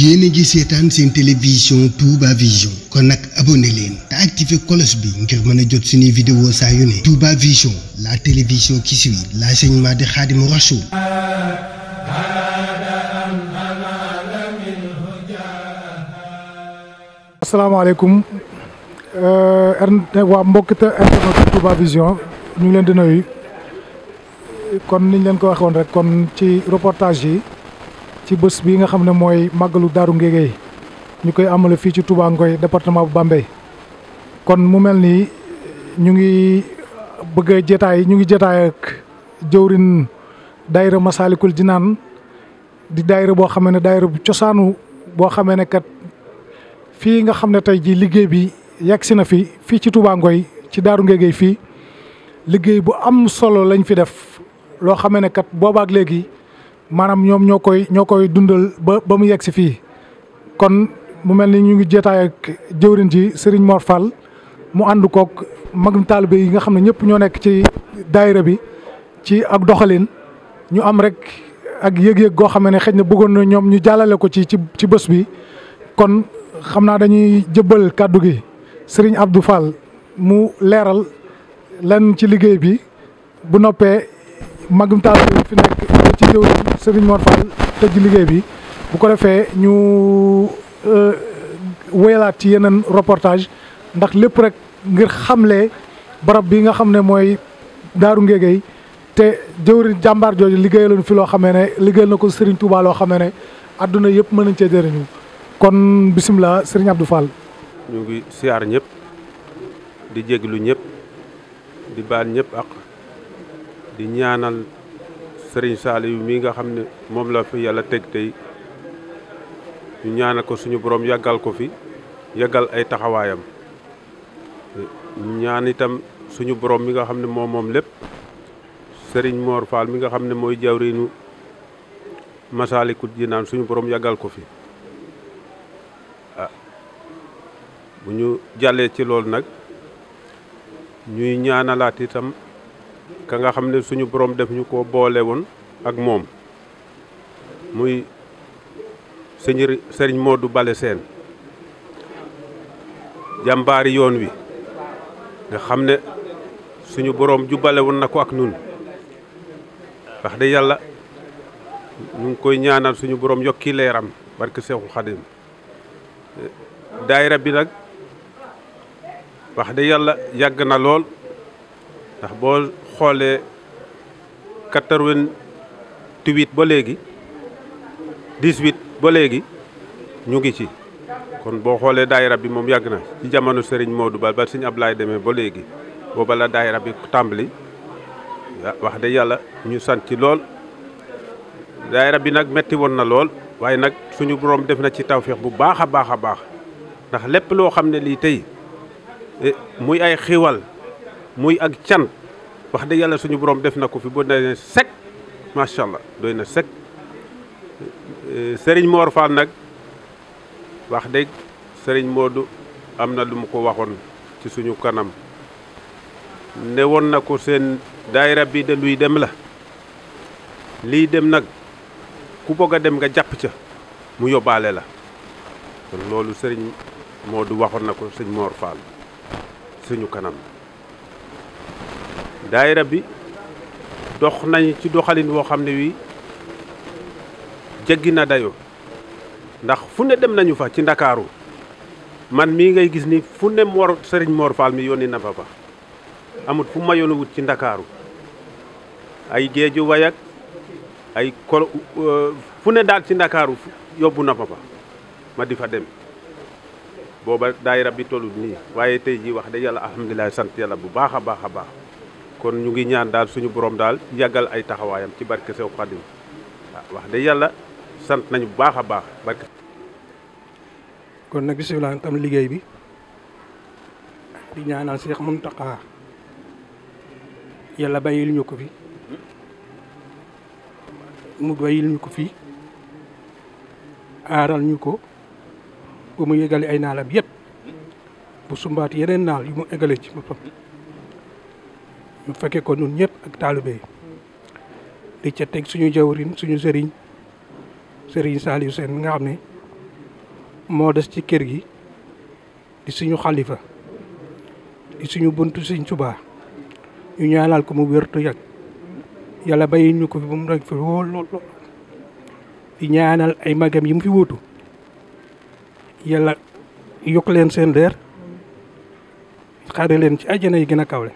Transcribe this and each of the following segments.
yéen a ngi seetaan seen télévision Touba Vision kon nag abonné leen te activé cloche bi ngir mën a jot suñuy vidéo saa yu ne Touba Vision la télévision qui suit l'enseignement de Khadimou Rassoul asalaamaaleykum euh, waa mbokk internet Touba Vision ñu leen di nuyu kon niñ leen ko waxoon rek kon ci reportage yi ci bës bi nga xam ne mooy màggalu Daaru Ngéegéy ñu koy amale fii ci Touba Ngoye département bu Bambey kon mu mel nii ñu ngi bëgg a ñu ngi jetaay jëwrin daayira Masaalikul Jinaan di daayira boo xamee ne daayira bu cosaanu boo xamee ne kat fii nga xam ne tey jii liggéey bi yegg si na fi fii ci Touba Ngoye ci Daaru Ngéegéy fii liggéey bu am solo lañ fi def loo xamee ne kat boobaak léegi maanaam ñoom ñoo koy ñoo koy dundal ba mu yegg si fii kon mu mel ni ñu ngi jotaay ak jëwriñ ji Serigne Mor Fall mu ànd kook magum taalibe yi nga xam ne ñëpp ñoo nekk ci daayira bi ci ak doxalin ñu am rek ak yëg-yëg goo xam ne xëy na bëggoon na ñoom ñu jàllale ko ci ci bës bi kon xam naa dañuy jëbbal kàddu gi Serigne Abdou Fall mu leeral lenn ci liggéey bi bu noppee magum taalibe yi fi nekk. jëw Serigne Mor Fall tëj liggéey bi bu ko defee ñu euh, wéyalaat ci yeneen reportage ndax lépp rek ngir xamle barab bi nga xam ne mooy Daaru Ngéegéy te jëwri jàmbaar jooju liggéeyaloon fi loo xamee ne liggéeyal na ko Serigne Touba loo xamee ne adduna yëpp mën nañ cee jëriñu kon bisimilah Serigne Abdou Fall. ñu ngi siyaar ñëpp di jéglu ñëpp di baal ñëpp ak di ñaanal. sëriñ Saliou mi nga xam ne moom la fi yàlla teg tey ñu ñaanal ko suñu boroom yàggal ko fi yàggal ay taxawaayam ñaan itam suñu borom mi nga xam ne moom moom lépp sëriñ Mor Fall mi nga xam ne mooy jawriñu Masaalikul naan suñu boroom yàggal ko fi ah bu ñu jàllee ci loolu nag ñuy ñaanalaat itam. ka nga xam ne suñu borom def ñu ko boole woon ak moom muy sëñ sëriñ du Bale seen jàmbaari yoon wi nga xam ne suñu borom jubale woon na ko ak nun wax de yàlla ñu koy ñaanal suñu borom yokki leeram barke Seexul Xadim daayira bi nag wax de yàlla yàgg na lool ndax boo xoolee quatre-vingt-huit ba léegi dix-huit ba léegi ñu ngi ci kon boo xoolee daay rab bi moom yàgg na ci jamono Serigne Modou Ba ba Serigne laay demee ba léegi booba la rab bi tàmbali wax de yàlla ñu sant ci lool daay rab bi nag metti woon na lool waaye nag suñu borom def na ci tawféex bu baax a baax a baax ndax lépp loo xam ne lii tey eh, muy ay xiiwal muy ak can wax dëgg yàlla suñu borom def na ko fi ba doy na sec macha allah doy na sec eh, Serigne Mor Fall nag wax dëgg Serigne Modou am na lu mu ko waxoon ci suñu kanam ne woon na ko seen daayira bi de luy dem la lii dem nag ku bëgg a dem nga jàpp ca mu yóbbaale la kon loolu Serigne Modou waxoon na ko sëñ Mor Fall suñu kanam. daay rab bi dox nañu ci doxalin woo xam ne wi jeggi na dayo ndax fu ne dem nañu fa ci ndakaaru man mii ngay gis ni fu ne Mor Serigne Mor mi yónni na fa fa amut fu ma yoonu wut ci ndakaaru ay géeju wayak ay kol fu ne daal ci ndakaaru yóbbu na fa ma di fa dem booba rab bi tollu nii waaye tey jii wax dëgg yàlla alhamdulilah sant yàlla bu baax a baax a baax kon ñu ngi ñaan daal suñu boroom daal yàggal ay taxawaayam ci barke Sew Xadim wax dëgg yàlla sant nañu bu baax a baax barke. kon nag bisimilah tam liggéey bi di ñaanal Cheikh Mountakha yàlla bàyyil ñu ko fi mu bàyyil ñu ko fi aaral ñu ko ba mu yegale ay naalam yëpp bu sumbaat yeneen naal yu mu egale ci boppam. ñu fekkee ko ñun ñëpp ak taalibe yi di ca teg suñu jawrin suñu sëriñ sëriñ Saliou Sène mi nga xam ne moo des ci kër gi di suñu xalifa di suñu bunt suñ subaa ñu ñaanal ko mu wértu yàgg yàlla bàyyi ñu ko fi ba mu rek fi lool lool di ñaanal ay magam yi mu fi wuutu yàlla yokk leen seen leer xaare leen ci àjjana yi gën a kawle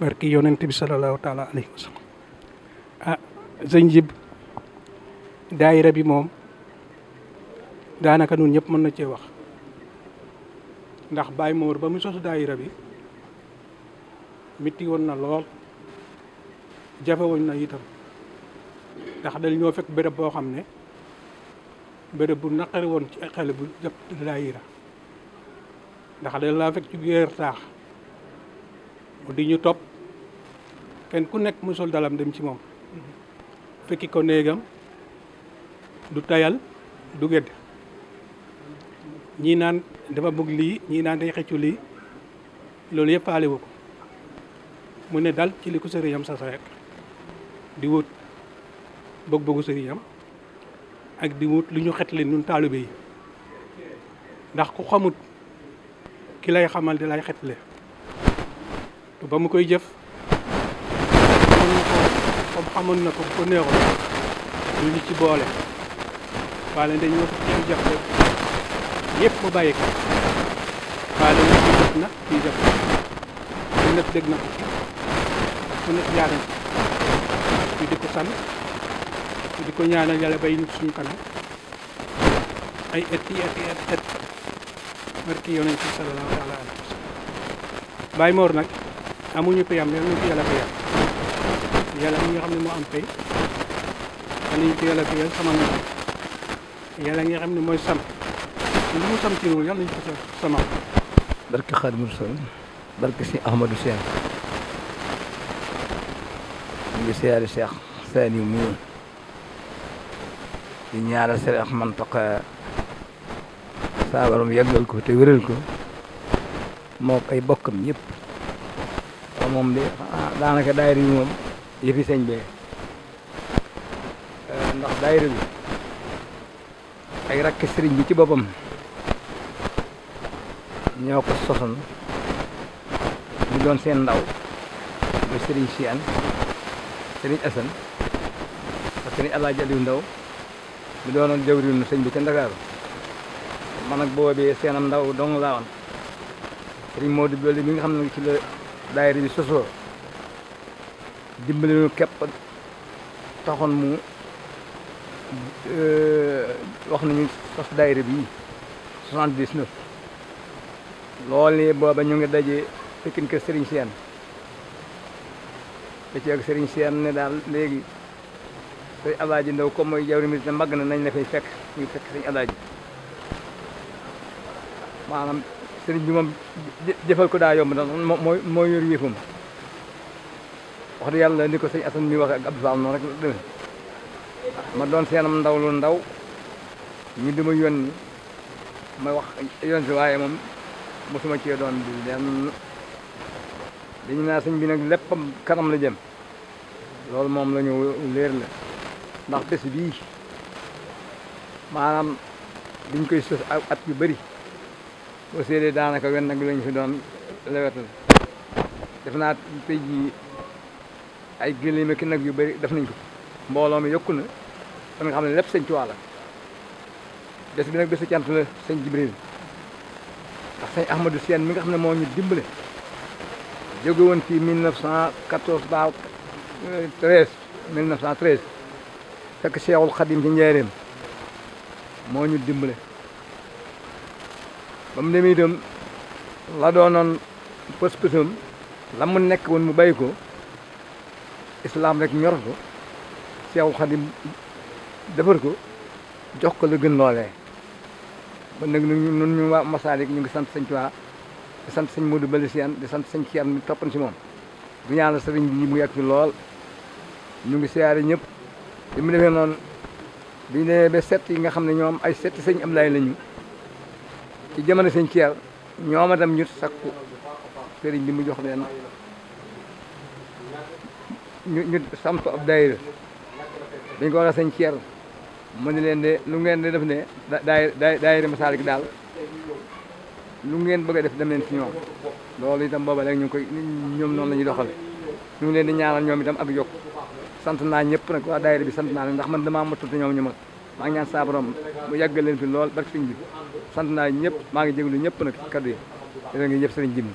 barki yonent bi salallaahu taala alayhi wa sallam ah daayira bi moom daanaka nun ñëpp mën na cee wax ndax Baye Mor ba mu sos daayira bi mitti woon na lool jafe woon na itam ndax dañ ñoo fekk béréb boo xam ne béréb bu naqari woon ci xel bu jàpp daayira ndax dañ laa fekk ci biir taax mu di ñu topp kenn ku nekk mu sol dalam dem ci moom fekki ko néegam du tayal du gedd ñii naan dafa bëgg lii ñii naan day xeccu lii loolu yëpp faale wu ko mu ne dal ci li ko sëriñam sa saret di wut bëgg-bëggu sëriñam ak di wut lu ñu xetli ñun taalibe yi ndax ku xamut ki lay xamal di lay xetle ba mu koy jëf comme xamoon na ko bu ko neexoon ñu ngi ci boole waale dañoo ko ci jox rek yëpp bàyyi ko waale nag kii def na kii def na kii nag dégg di ko sant ñu di ko ñaanal yàlla bay nit suñu kanam ay et yi et et et barki yonent bi sallallahu alayhi wa sallam nag amuñu payam yàlla na ko yàlla payam yala mi nga xam ne moo am pay yàlla ko yàlla nga xam ne mooy sam lu mu sam ci loolu yàlla nañu ko sa sama. barke Xaadimu Rasuul barke si Ahmadou Seen ñu ngi siyaare Cheikh Sani Mouy di ñaara Cheikh Mountakha saa borom yàggal ko te wéral ko moo ay bokkam ñëpp moom de ah, daanaka daayira yi moom. yëfi sëñ bee euh, ndax daayira bi ay rakk sëriñ bi ci boppam ñoo ko sosoon ñu doon seen ndaw lu sëriñ Sian sëriñ Asan ak sëriñ Alaaji Aliou Ndaw mi doonoon jawriñu sëñ bi ca Ndakaaru man nag boobee seenam ndaw dong laawoon moo Modou Boli bi nga xam ne ci la daayira bi sosoo dimbali nu képp taxoon mu euh, wax nañu sos daayira bi 79 loolu booba ñu ngi daje Pikine kër Serigne Sène da ci ak ne daal léegi sëñ Alaaji Ndaw comme mooy jawri ministre màgg na nañ la fay fekk ñu fekk sëñ Alaaji maanaam sëriñ bi moom jëfal ko daa yomb ndax moo mooy yor yëfam wax dëgg yàlla ni ko sëñ Assane mi waxee ak Abdou Fall noonu rek la demee ma doon seenam ndaw lu ndaw ñu di ma ma wax yoon si waaye moom mosuma cee doon bi lenn dañ naa sëñ bi nag léppam kanam la jëm loolu moom la ñu leer la ndax bés bii maanaam dañ koy sos at yu bëri boo séedee daanaka wen nag lañu fi doon lewetal def naa tey ay gëléem ki nag yu bëri def nañ ko mbooloo mi yokku na da nga xam ne lépp sëñ Tuubaa la bés bi nag bésu cant la sëñ Jibril ndax sëñ Ahmadou Seen mi nga xam ne moo ñu dimbale jóge woon ci 1914 ba 13 1913 fekk Seexul Xadim ci Njaaréem moo ñu dimbale ba mu demee la doonoon pës-pësam la mu nekk woon mu bàyyi ko islaam rek ñor ko Seexu Xadim defar ko jox ko la gën loolee kon nag ñun ñun ñu waa Masaalik ñu ngi sant sëñ Tuubaa di sant sëñ Modou Bali Siyaan di sant sëñ Siyaan mi toppan si moom du ñaanal sëriñ bi mu yàgg fi lool ñu ngi siyaare ñëpp li mu defee noon bi ñu demee ba sett yi nga xam ne ñoom ay setti sëñ am laay lañu ci jamono sëñ Ceer ñoom itam ñu sakku sëriñ bi mu jox leen ñu ñu samp ab daayira dañ ko waxee sëñ mu ni leen de lu ngeen di def ne daay daayira Masalik daal lu ngeen bëgg a def dem leen si ñoom loolu itam booba léegi ñu ngi koy ñoom noonu la ñuy doxale ñu ngi leen di ñaanal ñoom itam ak yokk sant naa ñëpp nag waa daayira bi sant naa leen ndax man damaa matul te ñoom ñu mat maa ñaan saa mu yàggal leen fi lool barke sëñ bi sant naa ñëpp maa ngi jégalu ñëpp nag kaddu yi dina ngi ñëpp sëriñ Jimmi